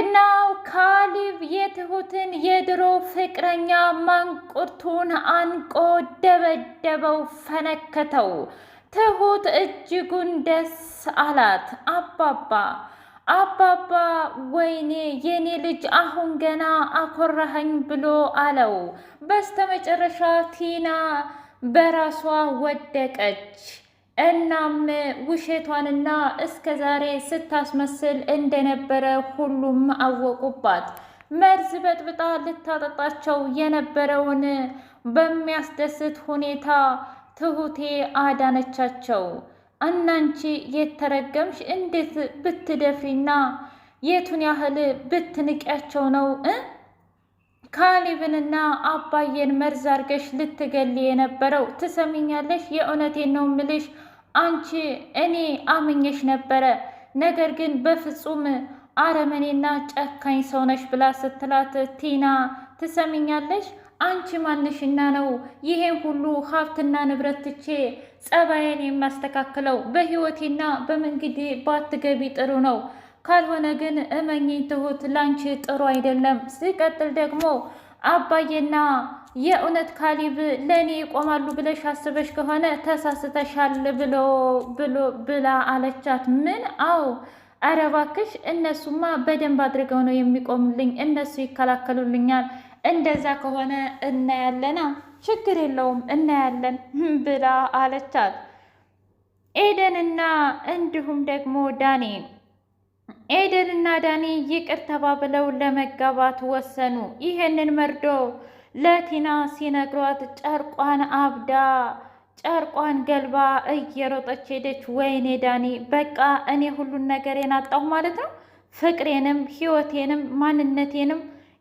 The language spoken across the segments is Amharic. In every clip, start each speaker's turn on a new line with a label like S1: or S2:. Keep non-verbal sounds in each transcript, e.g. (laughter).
S1: ጀግናው ካሊብ የትሁትን የድሮ ፍቅረኛ ማንቁርቱን አንቆ ደበደበው፣ ፈነከተው። ትሁት እጅጉን ደስ አላት። አባባ አባባ ወይኔ የኔ ልጅ አሁን ገና አኮራኸኝ ብሎ አለው። በስተመጨረሻ ቲና በራሷ ወደቀች። እናም ውሸቷንና እስከ ዛሬ ስታስመስል እንደነበረ ሁሉም አወቁባት። መርዝ በጥብጣ ልታጠጣቸው የነበረውን በሚያስደስት ሁኔታ ትሁቴ አዳነቻቸው። እናንቺ የተረገምሽ እንዴት ብትደፍሪና የቱን ያህል ብትንቂያቸው ነው እ አባየን አባዬን መርዝ አርገሽ ልትገሊ የነበረው? ትሰሚኛለሽ? የእውነቴን ነው ምልሽ አንቺ እኔ አምኜሽ ነበረ፣ ነገር ግን በፍጹም አረመኔና ጨካኝ ሰው ነሽ ብላ ስትላት ቲና ትሰምኛለሽ? አንቺ ማንሽና ነው ይሄን ሁሉ ሀብትና ንብረት ትቼ ጸባዬን የማስተካክለው? በህይወቴና በመንግዴ ባትገቢ ጥሩ ነው። ካልሆነ ግን እመኚኝ ትሁት፣ ላንቺ ጥሩ አይደለም። ሲቀጥል ደግሞ አባዬና የእውነት ካሊብ ለእኔ ይቆማሉ ብለሽ አስበሽ ከሆነ ተሳስተሻል ብሎ ብሎ ብላ አለቻት። ምን? አዎ ኧረ እባክሽ እነሱማ በደንብ አድርገው ነው የሚቆሙልኝ፣ እነሱ ይከላከሉልኛል። እንደዛ ከሆነ እናያለና ችግር የለውም እናያለን (laughs) ብላ አለቻት። ኤደንና እንዲሁም ደግሞ ዳኒ ኤደንና ዳኒ ይቅር ተባብለው ለመጋባት ወሰኑ። ይሄንን መርዶ ለቲና ሲነግሯት ጨርቋን አብዳ ጨርቋን ገልባ እየሮጠች ሄደች። ወይኔ ዳኒ፣ በቃ እኔ ሁሉን ነገር የናጣሁ ማለት ነው። ፍቅሬንም፣ ህይወቴንም፣ ማንነቴንም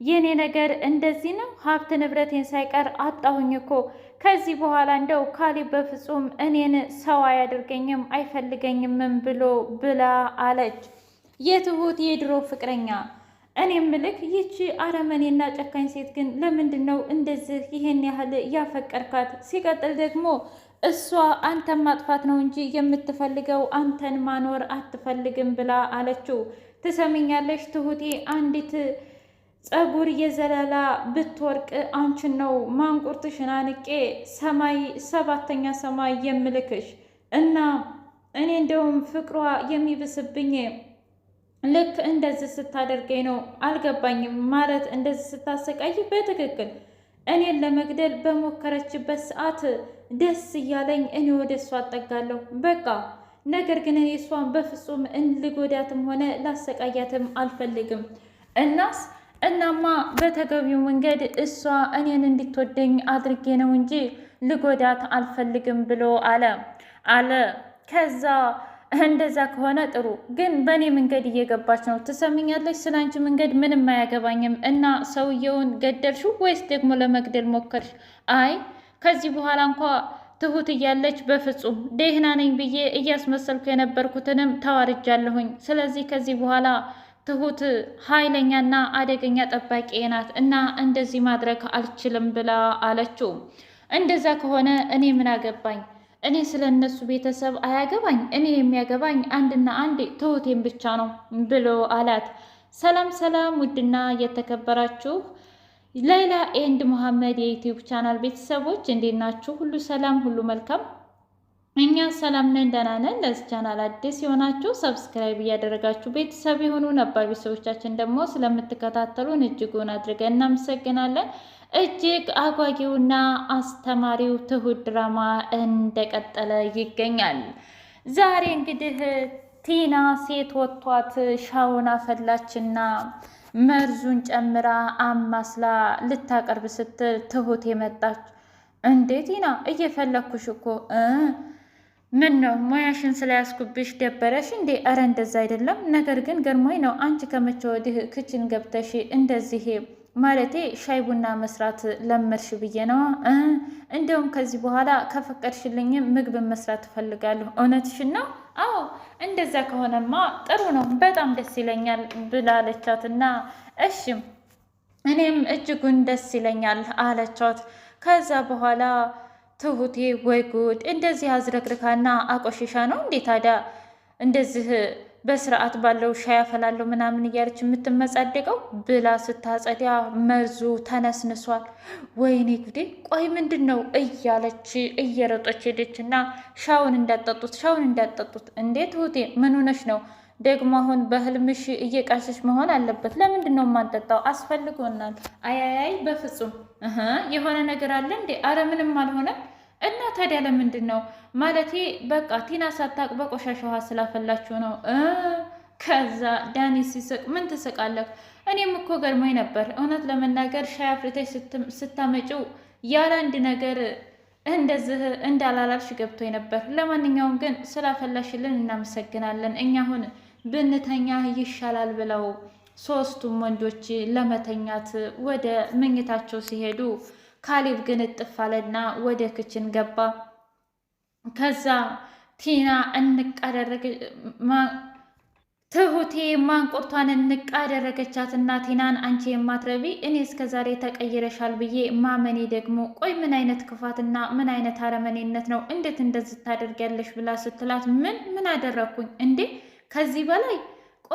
S1: የእኔ ነገር እንደዚህ ነው። ሀብት ንብረቴን ሳይቀር አጣሁኝ እኮ። ከዚህ በኋላ እንደው ካሌብ በፍጹም እኔን ሰው አያደርገኝም አይፈልገኝምም ብሎ ብላ አለች የትሁት የድሮ ፍቅረኛ እኔ ምልክ ይቺ አረመኔና ጨካኝ ሴት ግን ለምንድን ነው እንደዚህ ይሄን ያህል ያፈቀርካት? ሲቀጥል ደግሞ እሷ አንተን ማጥፋት ነው እንጂ የምትፈልገው አንተን ማኖር አትፈልግም ብላ አለችው። ትሰሚኛለሽ ትሁቴ፣ አንዲት ጸጉር የዘለላ ብትወርቅ አንቺን ነው ማንቁርትሽን አንቄ ሰማይ ሰባተኛ ሰማይ የምልክሽ እና እኔ እንደውም ፍቅሯ የሚብስብኝ ልክ እንደዚህ ስታደርገኝ ነው አልገባኝም። ማለት እንደዚህ ስታሰቃይ በትክክል እኔን ለመግደል በሞከረችበት ሰዓት ደስ እያለኝ እኔ ወደ እሷ አጠጋለሁ በቃ። ነገር ግን እኔ እሷን በፍጹም ልጎዳትም ሆነ ላሰቃያትም አልፈልግም። እናስ እናማ በተገቢው መንገድ እሷ እኔን እንድትወደኝ አድርጌ ነው እንጂ ልጎዳት አልፈልግም ብሎ አለ አለ ከዛ እንደዛ ከሆነ ጥሩ። ግን በእኔ መንገድ እየገባች ነው። ትሰምኛለች? ስለ አንቺ መንገድ ምንም አያገባኝም። እና ሰውየውን ገደልሽው ወይስ ደግሞ ለመግደል ሞከርሽ? አይ ከዚህ በኋላ እንኳ ትሁት እያለች በፍጹም ደህና ነኝ ብዬ እያስመሰልኩ የነበርኩትንም ተዋርጃለሁኝ። ስለዚህ ከዚህ በኋላ ትሁት ኃይለኛና አደገኛ ጠባቂ ናት እና እንደዚህ ማድረግ አልችልም ብላ አለችው። እንደዛ ከሆነ እኔ ምን አገባኝ እኔ ስለ እነሱ ቤተሰብ አያገባኝ። እኔ የሚያገባኝ አንድና አንድ ትሁቴን ብቻ ነው ብሎ አላት። ሰላም ሰላም! ውድና የተከበራችሁ ሌላ ኤንድ መሐመድ የዩትዩብ ቻናል ቤተሰቦች እንዴት ናችሁ? ሁሉ ሰላም፣ ሁሉ መልካም እኛ ሰላም ነን፣ ደህና ነን። ለዚህ ቻናል አዲስ የሆናችሁ ሰብስክራይብ እያደረጋችሁ ቤተሰብ የሆኑ ነባር ቤተሰቦቻችን ደግሞ ስለምትከታተሉን እጅጉን አድርገን እናመሰግናለን። እጅግ አጓጊውና አስተማሪው ትሁት ድራማ እንደቀጠለ ይገኛል። ዛሬ እንግዲህ ቲና ሴት ወጥቷት ሻውን አፈላችና መርዙን ጨምራ አማስላ ልታቀርብ ስትል ትሁት የመጣች እንዴ ቲና እየፈለግኩሽ እኮ ምን ነው ሙያሽን ስለያዝኩብሽ ደበረሽ እንዴ? ኧረ እንደዛ አይደለም። ነገር ግን ገርሞኝ ነው አንቺ ከመቼ ወዲህ ክችን ገብተሽ እንደዚህ ማለቴ ሻይ ቡና መስራት ለመድሽ ብዬ ነዋ። እንደውም ከዚህ በኋላ ከፈቀድሽልኝ ምግብ መስራት እፈልጋለሁ። እውነትሽን ነው? አዎ፣ እንደዛ ከሆነማ ጥሩ ነው፣ በጣም ደስ ይለኛል ብላለቻትና እሽም እኔም እጅጉን ደስ ይለኛል አለቻት። ከዛ በኋላ ትሁቴ ወይ ጉድ! እንደዚህ አዝረግርካና አቆሽሻ ነው እንዴ ታዲያ እንደዚህ በስርዓት ባለው ሻይ አፈላለሁ ምናምን እያለች የምትመጻደቀው ብላ ስታጸዲያ መርዙ ተነስንሷል። ወይኔ ጉዴ! ቆይ ምንድን ነው እያለች እየረጠች ሄደች እና ሻውን እንዳጠጡት ሻውን እንዳጠጡት። እንዴት እህቴ ምን ሆነሽ ነው ደግሞ? አሁን በህልምሽ እየቃሸሽ መሆን አለበት። ለምንድን ነው የማንጠጣው? አስፈልጎናል። አያያይ፣ በፍጹም የሆነ ነገር አለ እንዴ? አረ ምንም አልሆነም። እና ታዲያ ለምንድን ነው ማለቴ በቃ ቲና ሳታቅ በቆሻሻ ውሃ ስላፈላችሁ ነው። ከዛ ዳኒ ሲስቅ ምን ትስቃለህ? እኔም እኮ ገርሞኝ ነበር እውነት ለመናገር ሻይ አፍልተሽ ስታመጪው ያለ አንድ ነገር እንደዚህ እንዳላላልሽ ገብቶኝ ነበር። ለማንኛውም ግን ስላፈላሽልን እናመሰግናለን። እኛ አሁን ብንተኛ ይሻላል ብለው ሶስቱም ወንዶች ለመተኛት ወደ መኝታቸው ሲሄዱ ካሌብ ግን እጥፍ አለና ወደ ክችን ገባ። ከዛ ቲና እንቃደረገ ትሁቴ ማንቁርቷን እንቃ ያደረገቻትና ቲናን አንቺ የማትረቢ እኔ እስከዛሬ ተቀይረሻል ብዬ ማመኔ ደግሞ ቆይ ምን አይነት ክፋትና ምን አይነት አረመኔነት ነው እንዴት እንደዚህ ታደርጊያለሽ ብላ ስትላት ምን ምን አደረግኩኝ እንዴ ከዚህ በላይ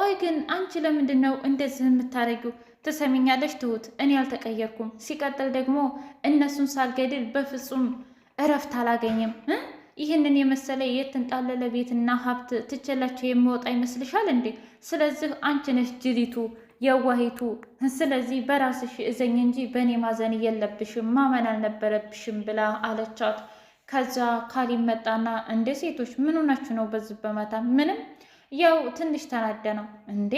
S1: ቆይ ግን አንቺ ለምንድን ነው እንደዚህ የምታደርጊው ትሰሚኛለሽ ትሁት፣ እኔ አልተቀየርኩም። ሲቀጥል ደግሞ እነሱን ሳልገድል በፍጹም እረፍት አላገኝም። ይህንን የመሰለ የተንጣለለ ቤትና ሀብት ትችላቸው የምወጣ ይመስልሻል እንዴ? ስለዚህ አንቺ ነሽ ጅሊቱ የዋሂቱ። ስለዚህ በራስሽ እዘኝ እንጂ በእኔ ማዘን የለብሽም፣ ማመን አልነበረብሽም ብላ አለቻት። ከዛ ካሊም መጣና እንደ ሴቶች ምን ሆናችሁ ነው በዚህ በማታ? ምንም ያው ትንሽ ተናደ ነው እንዴ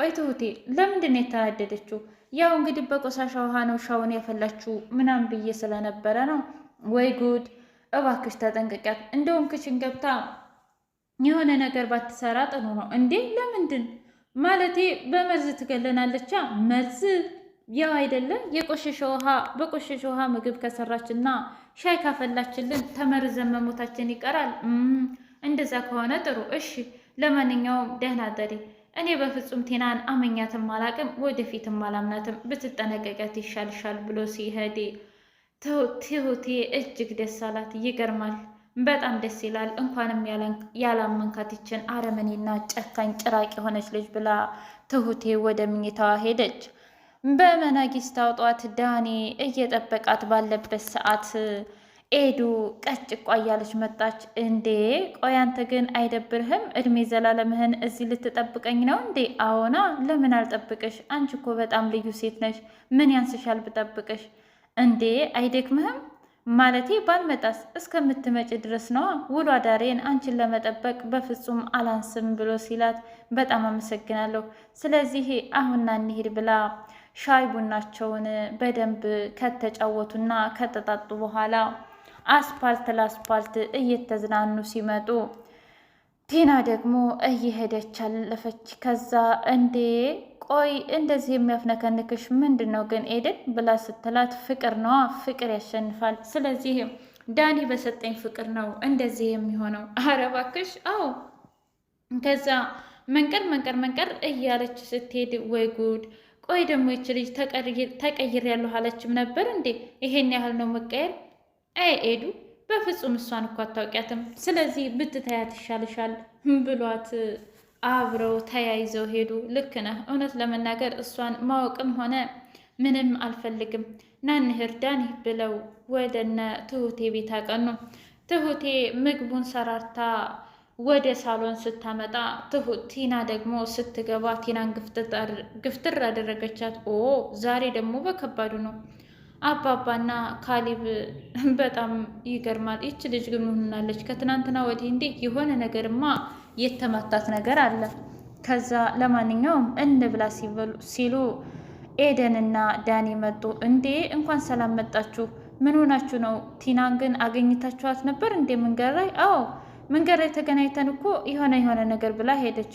S1: ቆይ ትሁቴ ለምንድን ነው የተናደደችው? ያው እንግዲህ በቆሻሻ ውሃ ነው ሻውን ያፈላችሁ ምናምን ብዬ ስለነበረ ነው። ወይ ጉድ! እባክሽ ተጠንቀቂያት። እንደውም ክችን ገብታ የሆነ ነገር ባትሰራ ጥሩ ነው። እንዴ ለምንድን ማለቴ በመርዝ ትገለናለቻ። መርዝ ያው አይደለም የቆሸሸ ውሃ በቆሸሸ ውሃ ምግብ ከሰራችና ሻይ ካፈላችልን ተመርዘን መሞታችን ይቀራል። እንደዛ ከሆነ ጥሩ እሺ። ለማንኛውም ደህና እኔ በፍጹም ቴናን አመኛትም አላቅም፣ ወደፊትም አላምናትም፣ ብትጠነቀቀት ይሻልሻል ብሎ ሲሄድ ትሁቴ እጅግ ደስ አላት። ይገርማል፣ በጣም ደስ ይላል። እንኳንም ያላመንካትችን አረመኔና ጨካኝ ጭራቅ የሆነች ልጅ ብላ ትሁቴ ወደ ምኝታዋ ሄደች። በመናጊስታው ዳኔ እየጠበቃት ባለበት ሰዓት ኤዱ ቀጭቋ እያለች መጣች። እንዴ ቆይ አንተ ግን አይደብርህም? እድሜ ዘላለምህን እዚህ ልትጠብቀኝ ነው እንዴ? አዎና፣ ለምን አልጠብቅሽ? አንቺ እኮ በጣም ልዩ ሴት ነሽ። ምን ያንስሻል ብጠብቅሽ? እንዴ አይደክምህም? ማለቴ ባልመጣስ እስከምትመጪ ድረስ ነዋ። ውሎ አዳሬን አንቺን ለመጠበቅ በፍጹም አላንስም ብሎ ሲላት በጣም አመሰግናለሁ። ስለዚህ አሁን ና ብላ ሻይ ቡናቸውን በደንብ ከተጫወቱና ከተጣጡ በኋላ አስፓልት ለአስፓልት እየተዝናኑ ሲመጡ ቲና ደግሞ እየሄደች አለፈች። ከዛ እንዴ ቆይ እንደዚህ የሚያፍነከንክሽ ምንድን ነው ግን ኤደን ብላ ስትላት፣ ፍቅር ነዋ ፍቅር ያሸንፋል። ስለዚህ ዳኒ በሰጠኝ ፍቅር ነው እንደዚህ የሚሆነው። አረ እባክሽ አዎ። ከዛ መንቀር መንቀር መንቀር እያለች ስትሄድ፣ ወይ ጉድ ቆይ ደግሞ ይች ልጅ ተቀይር ያለሁ አለችም ነበር እንዴ? ይሄን ያህል ነው መቀየር አይ ኤዱ በፍጹም እሷን እኮ አታውቂያትም፣ ስለዚህ ብትተያት ይሻልሻል ብሏት አብረው ተያይዘው ሄዱ። ልክ ነህ። እውነት ለመናገር እሷን ማወቅም ሆነ ምንም አልፈልግም። ናንህር ዳኒ ብለው ወደነ ትሁቴ ቤት አቀኑ። ትሁቴ ምግቡን ሰራርታ ወደ ሳሎን ስታመጣ ቲና ደግሞ ስትገባ ቲናን ግፍትር አደረገቻት። ኦ ዛሬ ደግሞ በከባዱ ነው አባባና ካሊብ (laughs) በጣም ይገርማል። ይች ልጅ ግን ሆናለች ከትናንትና ወዲህ እንዴ የሆነ ነገርማ የተመታት ነገር አለ። ከዛ ለማንኛውም እንብላ ሲሉ ኤደንና ዳኒ መጡ። እንዴ እንኳን ሰላም መጣችሁ። ምን ሆናችሁ ነው? ቲናን ግን አገኝታችኋት ነበር እንዴ መንገድ ላይ? አዎ መንገድ ላይ ተገናኝተን እኮ የሆነ የሆነ ነገር ብላ ሄደች።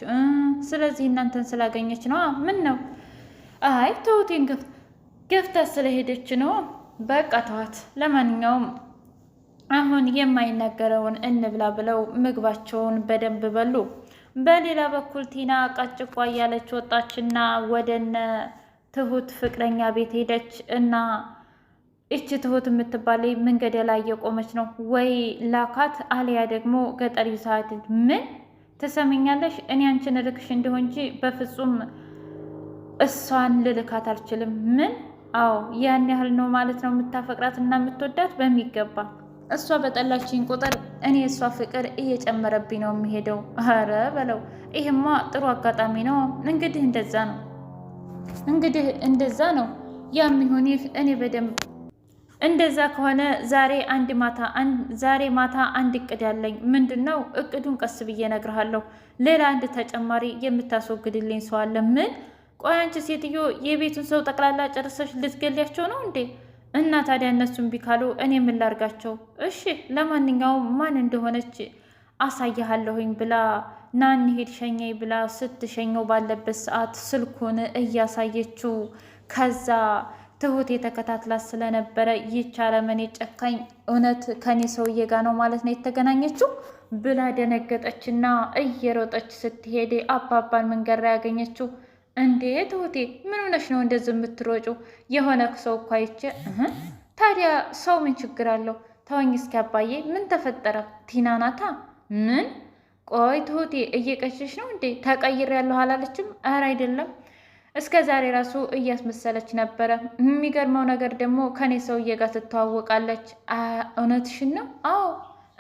S1: ስለዚህ እናንተን ስላገኘች ነዋ። ምን ነው? አይ ተውቴን ገፍት ገፍታ ስለሄደች ነው። በቃ ተዋት። ለማንኛውም አሁን የማይነገረውን እንብላ ብለው ምግባቸውን በደንብ በሉ። በሌላ በኩል ቲና ቀጭቋ እያለች ወጣችና ወደነ ትሁት ፍቅረኛ ቤት ሄደች እና እቺ ትሁት የምትባል መንገድ ላይ እየቆመች ነው ወይ ላካት፣ አሊያ ደግሞ ገጠር ይዛት። ምን ትሰምኛለሽ? እኔ አንቺን ልክሽ እንዲሆን እንጂ በፍጹም እሷን ልልካት አልችልም። ምን አዎ ያን ያህል ነው ማለት ነው የምታፈቅራት እና የምትወዳት በሚገባ። እሷ በጠላችኝ ቁጥር እኔ እሷ ፍቅር እየጨመረብኝ ነው የሚሄደው። አረ በለው ይህማ ጥሩ አጋጣሚ ነው። እንግዲህ እንደዛ ነው እንግዲህ እንደዛ ነው ያም እኔ በደንብ እንደዛ ከሆነ ዛሬ አንድ ማታ ዛሬ ማታ አንድ እቅድ ያለኝ ምንድን ነው? እቅዱን ቀስ ብዬ እነግርሃለሁ። ሌላ አንድ ተጨማሪ የምታስወግድልኝ ሰው አለ። ምን ቆይ አንቺ ሴትዮ የቤቱን ሰው ጠቅላላ ጨርሰሽ ልትገልያቸው ነው እንዴ? እና ታዲያ እነሱን ቢካሉ እኔ ምን ላርጋቸው? እሺ ለማንኛውም ማን እንደሆነች አሳያሃለሁኝ ብላ ና እንሂድ ሸኘኝ ብላ ስትሸኘው ባለበት ሰዓት ስልኩን እያሳየችው ከዛ ትሁት የተከታትላት ስለነበረ ይች አረመኔ ጨካኝ እውነት ከኔ ሰውዬ ጋ ነው ማለት ነው የተገናኘችው ብላ ደነገጠችና እየሮጠች ስትሄድ አባባን መንገድ ላይ ያገኘችው። እንዴ ትሁቴ ምን ሆነሽ ነው እንደዚህ የምትሮጩ? የሆነ ሰው እኮ አይቼ። ታዲያ ሰው ምን ችግር አለው? ተወኝ እስኪ አባዬ፣ ምን ተፈጠረ? ቲና ናታ? ምን? ቆይ ትሁቴ እየቀሸሽ ነው እንዴ? ያለ አላለችም? ኧረ አይደለም እስከ ዛሬ ራሱ እያስመሰለች ነበረ። የሚገርመው ነገር ደግሞ ከኔ ሰውዬ ጋር ትተዋወቃለች። እውነትሽን ነው? አዎ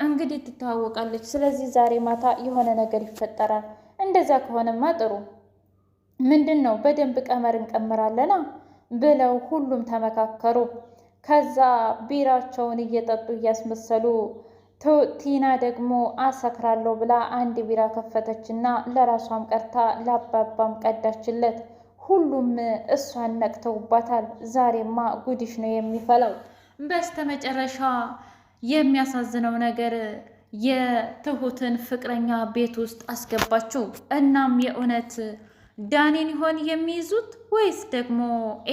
S1: እንግዲህ ትተዋወቃለች። ስለዚህ ዛሬ ማታ የሆነ ነገር ይፈጠራል። እንደዛ ከሆነማ ጥሩ ምንድን ነው በደንብ ቀመር እንቀምራለና ብለው ሁሉም ተመካከሩ። ከዛ ቢራቸውን እየጠጡ እያስመሰሉ ቲና ደግሞ አሰክራለሁ ብላ አንድ ቢራ ከፈተችና ለራሷም ቀርታ ለአባባም ቀዳችለት። ሁሉም እሷን ነቅተውባታል። ዛሬማ ጉድሽ ነው የሚፈላው። በስተመጨረሻ የሚያሳዝነው ነገር የትሁትን ፍቅረኛ ቤት ውስጥ አስገባችው። እናም የእውነት ዳኒን ይሆን የሚይዙት ወይስ ደግሞ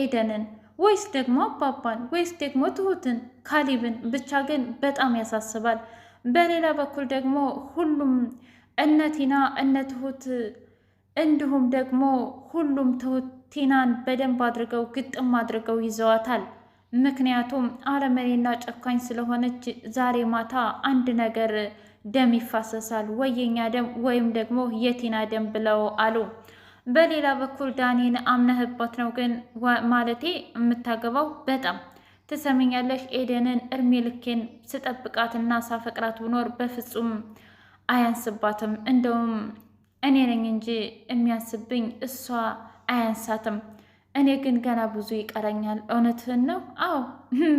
S1: ኤደንን ወይስ ደግሞ አባባን ወይስ ደግሞ ትሁትን ካሊብን? ብቻ ግን በጣም ያሳስባል። በሌላ በኩል ደግሞ ሁሉም እነ ቲና እነ ትሁት እንዲሁም ደግሞ ሁሉም ትሁት ቲናን በደንብ አድርገው ግጥም አድርገው ይዘዋታል። ምክንያቱም አረመኔና ጨካኝ ስለሆነች ዛሬ ማታ አንድ ነገር ደም ይፋሰሳል፣ ወይ የኛ ደም ወይም ደግሞ የቲና ደም ብለው አሉ። በሌላ በኩል ዳኒን አምነህበት ነው ግን ማለቴ የምታገባው በጣም ትሰሚኛለሽ። ኤደንን እድሜ ልኬን ስጠብቃት ና ሳፈቅራት ብኖር በፍጹም አያንስባትም። እንደውም እኔ ነኝ እንጂ የሚያንስብኝ እሷ አያንሳትም። እኔ ግን ገና ብዙ ይቀረኛል። እውነትህን ነው? አዎ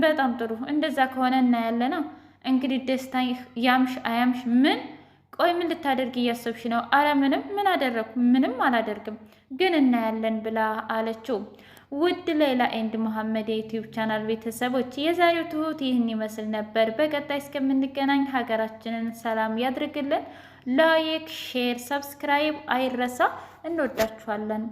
S1: በጣም ጥሩ። እንደዛ ከሆነ እናያለና እንግዲህ ደስታ ያምሽ አያምሽ ምን ቆይ ምን ልታደርግ እያሰብሽ ነው? አረ ምንም ምን አደረግኩ? ምንም አላደርግም፣ ግን እናያለን ብላ አለችው። ውድ ሌላ ኤንድ መሐመድ የዩቲዩብ ቻናል ቤተሰቦች የዛሬው ትሁት ይህን ይመስል ነበር። በቀጣይ እስከምንገናኝ ሀገራችንን ሰላም ያድርግልን። ላይክ፣ ሼር፣ ሰብስክራይብ አይረሳ። እንወዳችኋለን።